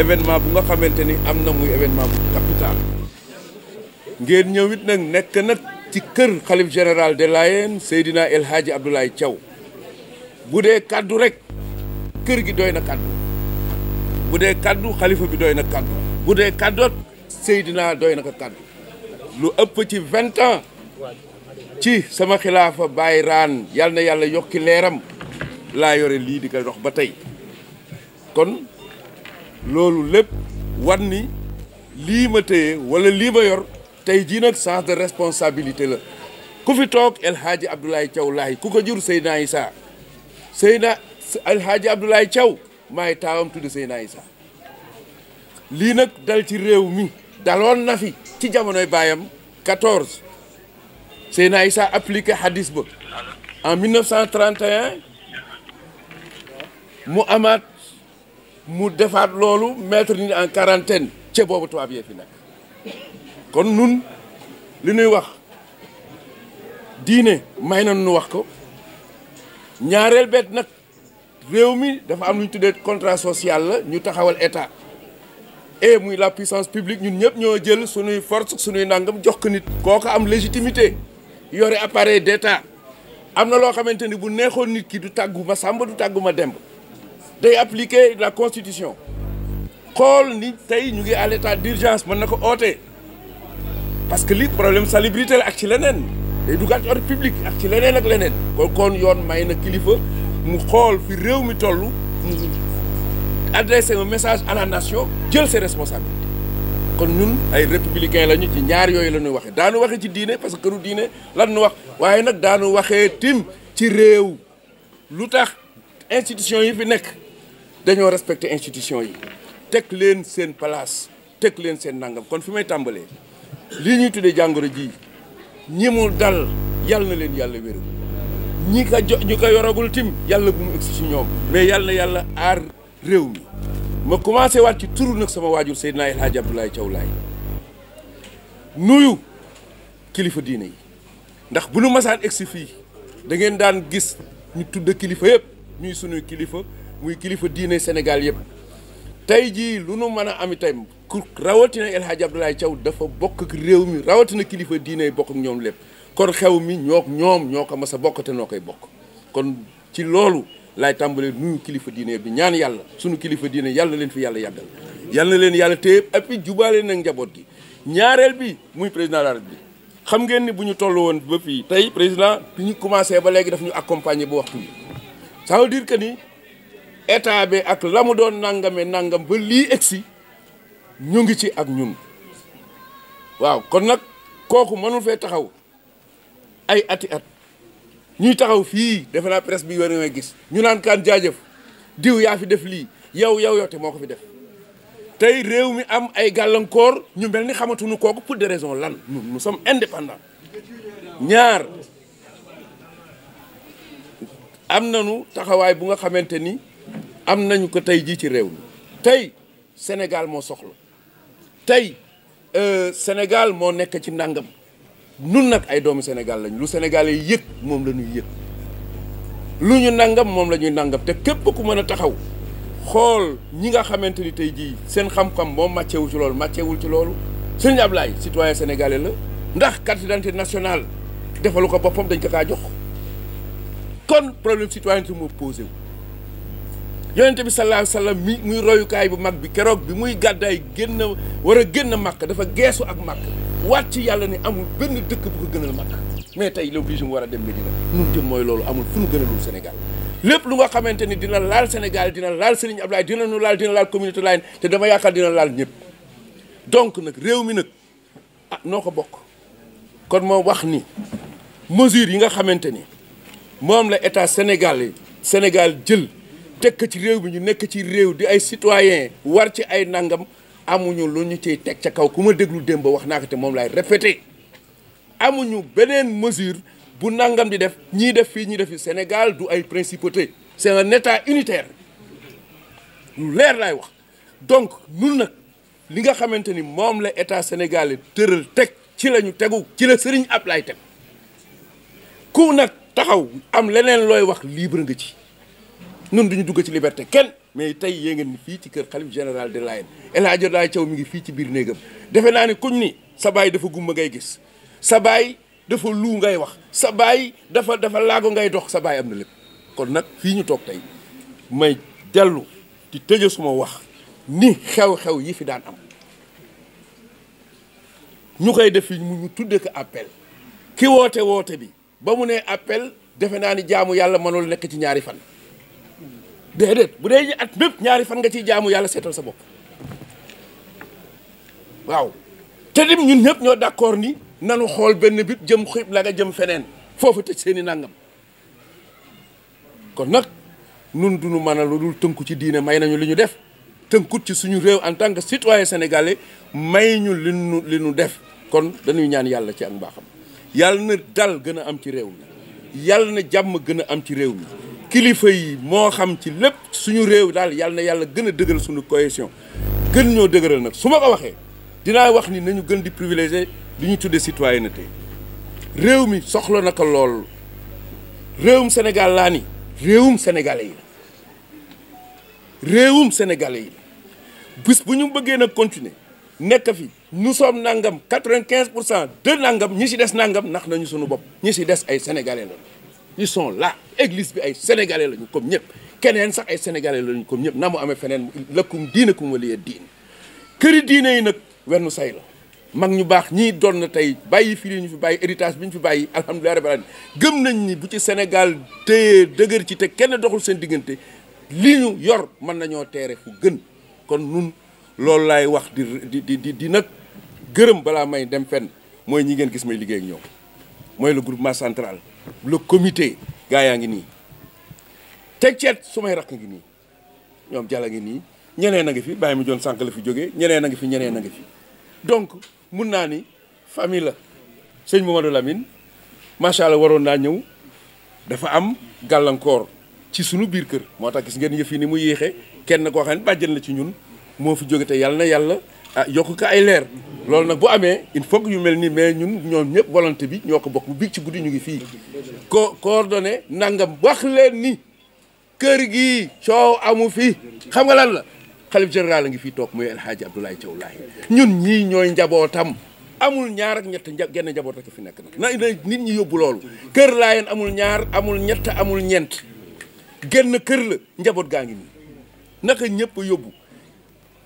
événement bu nga xamante ni am na muy événement bu capital ngeen ñëw it nag nekk nag ci kër xalif général de Layène Seydina El Hadji Abdoulaye Thiaw bu dee kàddu rek kër gi doy na kaddu bu dee kaddu xalifa bi doy na kaddu bu dee kaddoot Seydina doy na ko kaddu lu ëpp ci vingt ans ci sama xilaafa Baye Raan yal na yàlla yokki leeram laa yore lii di ko dox ba tey loolu lépp wan ni lii téye wala lii ma yor tey jii nag sens de responsabilité la ku fi toog El Hadji cew Thiaw Laye ku ko jur Seydina Issa Seydina El Hadji Abdoulaye Thiaw maay taawam tudd Seydina Issa lii nag dal ci réew mi daloon na fi ci jamonoy baayam 14 Seydina Issa appliqué hadis ba en mu amaat. mu defaat loolu mettre ni en quarantaine ca boobu tubaab yee fi kon nun li nuy wax diine may na nu wax ko ñaareel bet nag réew mi dafa am lu ñu tuddee contrat social la ñu taxawal état et muy la puissance publique ñun ñëpp ñoo jël suñuy force suñuy nangam jox ko nit. kooku am légitimité yore appareil d'état am na loo xamante ni bu neexoon nit ki du tàggu ma sàmba du tàggu ma demb day appliquer la constitution xool ni tey ñu ngi à l'état d'urgence mën na ko oote parce que li problème salubrité la ak ci leneen day dugaat ci ordre public ak ci leneen ak leneen kon kon yoon may na kilifa mu xool fi réew mi toll mu adresser un message à la nation jël ses responsabilités kon ñun ay républicain lañu ci ñaar yooyu la ñuy waxee daanu waxee ci diine parce que këru diine lan nu wax waaye nag daanu waxee tim ci réew lu tax institution yi fi nekk dañoo respecter institution yi teg leen seen place teg leen seen nangam kon fi may tàmbalee li ñuy tuddee jàngoro ji ñi mu dal yàlla na leen yàlla wéru ñi ko jo ñi ko yoragul tim yàlla bu mu egsi ci ñoom mais yàlla yàlla aar réew mi ma commencé waat ci turu nag sama waajur Seydina El Hadj Abdoulaye Thiaw Laye nuyu kilifa diine yi ndax bu nu masaan egsi fii da ngeen daan gis ñu tudd kilifa yëpp ñuy sunuy kilifa muy kilifa diine Sénégal yëpp tey jii lu nu mën a am itam ku rawatina El Hadj Abdoulaye Thiaw dafa bokk réew mi rawatina kilifa diine bokk ñoom lépp kon xew mi ñoo ñoom ñoo ko mas a bokk te noo koy bokk kon ci loolu laay tàmbalee nuyu kilifa diine bi ñaan yàlla sunu kilifa diine yàlla leen fi yàlla yàggal yàlla na leen yàlla téye et puis jubaale nag njaboot yi ñaareel bi muy président de la République xam ngeen ni bu ñu toll woon ba fii tey président bi ñu commencé ba léegi daf ñu accompagner bu état bi ak la doon nangame nangam ba lii egsi ñu ngi ci ak ñun waaw kon nag kooku mënul fee taxaw ay ati at ñuy taxaw fii defe naa presse bi war na gis ñu naan kaan jaajëf diw yaa fi def lii yow yow yow te moo ko fi def tey réew mi am ay gàllankoor ñu mel ni xamatuñu kooku pour de raison lan ñun nous sommes ñaar am nañu taxawaay bu nga xamante ni am nañu ko tey jii ci réew mi tey Sénégal moo soxla tey euh, Sénégal moo nekk ci ndàngam nun nag ay doomu Sénégal lañ lu Sénégalais yëg moom la ñuy yëg lu ñu nangam moom la ñuy nangam te képp ku mën a taxaw xool ñi nga xamante ni tey jii seen xam-xam moom màcceewu ci loolu màcceewul ci loolu sëñ Ablaye citoyen sénégalais la ndax carte d'identité nationale defalu ko boppam dañ ko kaa jox kon problème citoyenneté moo posé wu yonent bi sallallahu alayhi wa sallam mi muy royukaay bu mag bi keroog bi muy gàddaay génn war a génn màkk dafa geesu ak màkk wàcc yàlla ne amul benn dëkk bu ko mais tey l' obligé mu war a dem Medina mooy loolu amul fu nu Sénégal lépp lu nga xamante ni dina laal Sénégal dina laal Serigne Abdoulaye dina nu laal dina laal communauté layène te dama yaakaar dina laal ñëpp nag réew mi nag ah noo ko bokk kon moom wax ni mesures yi nga xamante ni moom la état Sénégal yi Sénégal jël teg ci réew bi ñu nekk ci réew di ay citoyen war ci ay nangam amuñu lu ñu ciy teg ca kaw ku ma déglu démb wax naa ko te moom laay répété amuñu beneen mesure bu nangam di def ñii def fii ñii def fii Sénégal du ay principauté c'est un état unitaire lu leer laay wax donc nun nag li nga xamante ni moom la état sénégalais tëral teg ci la ñu tegu ci la Serigne lay teg ku nag taxaw am leneen looy wax libre nga ci ñun duñu dugg ci liberté kenn mais tey yée fii ci kër xalif général de Layène El Hadj Abdoulaye mi ngi fii ci biir néegam defe naa ne kuñ ni sa baay dafa gumba ngay gis sa baay dafa luu ngay wax sa baay dafa dafa laago ngay dox sa baay am na lépp kon nag fii ñu toog tey may dellu di tëje suma wax ni xew-xew yi fi daan am ñu koy def fi mu ñu tudde ko appel ki woote woote bi ba mu ne appel defe naa ni jaamu yàlla mënul nekk ci ñaari fan déedéet bu dee ñu at mépp ñaari fan nga ciy jaamu yàlla seetal sa bopp waaw te dim ñun ñëpp ñoo d'accord ni nanu xool benn bit jëm xib la jëm feneen foofu tëj seeni nàngam kon nag nun duñu mën a lu dul tënku ci diine may nañu li ñu def tënkut ci suñu réew en tant que citoyen sénégalais may ñu li nu li ñu def kon dañuy ñaan yàlla ci ak mbaaxam yàlla na dal gën a am ci réew mi yàlla na jàmm gën a am ci réew mi kilifa yi moo xam ci lépp suñu réew daal yàlla yàlla gën a dëgëral suñu cohésion gën ñoo dëgëral nag su ma ko waxee dinaa wax ni nañu gën di privilégié li ñu tuddee citoyenneté réew mi soxla na lool réewum Sénégal laa ni réewum sénégalais yi la réewum sénégalais yi la bis bu ñu bëggee nag continuer nekk fi nous sommes nangam quatre-vingt-quinze pour cent de nàngam ñi si des nangam ndax nañu suñu bopp ñi si des ay sénégalais la ils sont là église bi ay sénégalais lañu comme ñëpp keneen sax ay sénégalais lañu comme ñëpp na mu amee feneen lëkkum diina kum waliya diin këri diine yi nag wenn say la mag ñu baax ñii doon na tey bàyyi fii ñu fi bàyyi héritage bi ñu fi bàyyi alhamdulilah rabbil alamin gëm nañ ni bu ci Sénégal téye dëgër ci te kenn doxul seen diggante li ñu yor mën nañoo teere fu gën kon nun loolu laay wax di di di di nag gërëm balaa may dem fenn mooy ñi ngeen gis may liggéey ak ñoom mooy le groupement central le comité gaa yaa ngi nii teg ceet su may rakk ngi nii ñoom jàll ngi nii ñeneen a ngi fi bàyyi mu joon sànq la fi jógee ñeneen a ngi fi ñeneen a donc mun naa ni famille la sëñ Mamadou lamin macha allah waroon naa ñëw dafa am gàllankoor ci sunu biir kër moo tax gis ngeen yëf yi ni mu yéexee kenn koo xam ne bàjjen la ci ñun moo fi jóge te yàlla na yàlla ah yokk ka ay leer loolu nag bu amee il faut que yu mel nii mais ñun ñoom ñëpp volonté bi ñoo ko bokk bu biig ci guddi ñu ngi fii ko coordonné nangam wax leen ni kër gi coow amu fi xam nga lan la xalif général a ngi fii toog muy El Hadji Abdoulaye Thiaw Laye ñun ñii ñooy njabootam amul ñaar ak ñett genn njaboot rek fi nekk nag na nit ñi yóbbu loolu kër Laayeen amul ñaar amul ñett amul ñeent genn kër la njaboot gaa ngi nii naka ñëpp yóbbu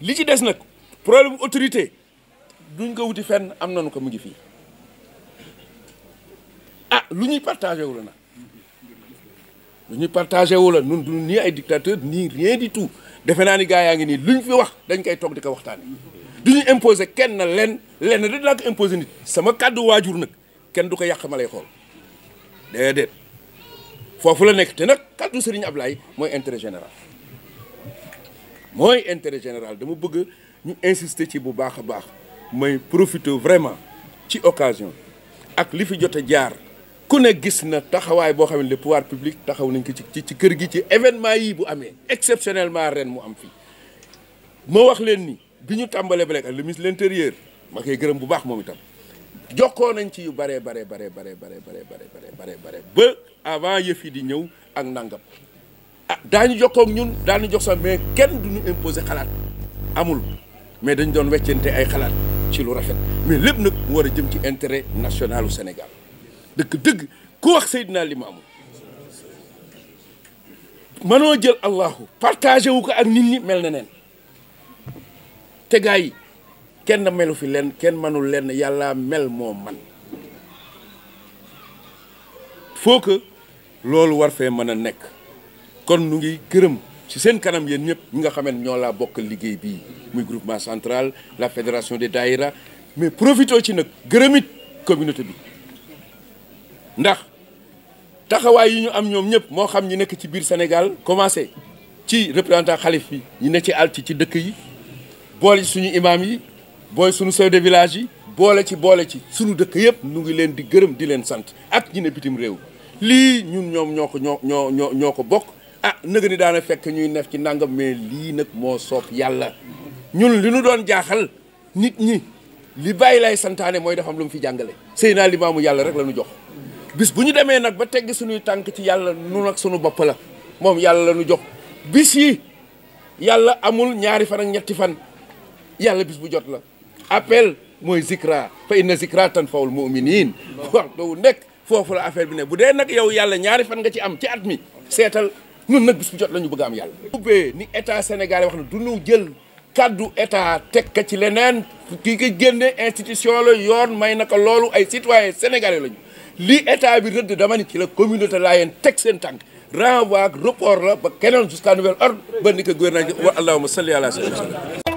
li ci des nag problème autorité duñ ko wuti fenn am nañu ko mu ngi fii ah lu ñuy partagé wu la nag lu ñuy partagé wu du nii ay dictateur nii rien du tout defe naa ni gars yaa ngi nii ñu fi wax dañ koy toog di ko waxtaan du ñu imposé kenn na lenn lenn da dinaa ko imposé nit sama kàddu waajur nag kenn du ko yàq ma lay xool déedéet foofu la nekk te nag kàddu Serigne Ablaye mooy intérêt général mooy intérêt général dama bëgg ñu insisté ci bu baax a baax may profiter vraiment ci occasion ak li fi jote jaar ku ne gis na taxawaay boo xam ne le pouvoir public taxaw nañ ko ci ci kër gi ci événement yi bu amee exceptionnellement ren mu am fi moo wax leen ni bi ñu tàmbalee ba léegi ak le ministre l'intérieur ma koy gërëm bu baax moom itam jokkoo nañ ci yu baree bare baree baree baree baree baree baree baree ba avant yëf yi di ñëw ak nangam ah daañu jokkoo ak ñun daañu jox sax mais kenn duñu imposer xalaat amul mais dañ doon weccante ay xalaat ci lu rafet mais lépp nag mu war a jëm ci intérêt national u Sénégal dëgg dëgg ku wax Seydina Limaamu mënoo jël allahu partagé wu ko ak nit ñi mel na neen te yi kenn melu fi lenn kenn mënul lenn yàlla mel moom man foo ko loolu war fee mën a nekk kon nu ngi gërëm ci seen kanam yéen ñëpp ñi nga xam ne ñoo laa bokk liggéey bii muy groupement centrale la fédération des daïra mais profité ci nag gërëmit communauté bi ndax taxawaay yi ñu am ñoom ñëpp moo xam ñi nekk ci biir Sénégal commencé ci représentant xalif bi ñu ne ci alti ci dëkk yi boole ci suñu imam yi booy suñu chef de village yi boole ci boole ci suñu dëkk yëpp nu ngi leen di gërëm di leen sant ak ñi ne bitim réew lii ñun ñoom ñoo ko ñoo ñoo ñoo ñoo ko bokk ah nëga ni daana fekk ñuy nef ci nangam mais lii nag moo soob yàlla ñun li ñu doon jaaxal nit ñi li bàyyi lay santaane mooy dafa lu mu fi jàngale sëy naa limaamu yàlla rek la ñu jox bis bu ñu demee nag ba tegg suñuy tànk ci yàlla nu nag suñu bopp la moom yàlla la ñu jox bis yi yàlla amul ñaari fan ak ñetti fan yàlla bis bu jot la appel mooy zikra fa inna zikra tan fawul muminin wax doowu nekk foofu la affaire bi ne bu dee nag yow yàlla ñaari fan nga ci am ci at mi seetal ñun nag bis bu jot la ñu bëgg am yàlla. ubbee ni état sénégalais wax na du ñu jël kàddu état teg ka ci leneen ki ko génne institution la yoon may naka loolu ay citoyens sénégalais lañu lii état bi rëdd dama ni ci la communauté laayeen teg seen tànk renvoi ak report la ba keneen jusqu'à nouvel ordre ba ni ko gouvernement bi allahumma salli ala sayyidina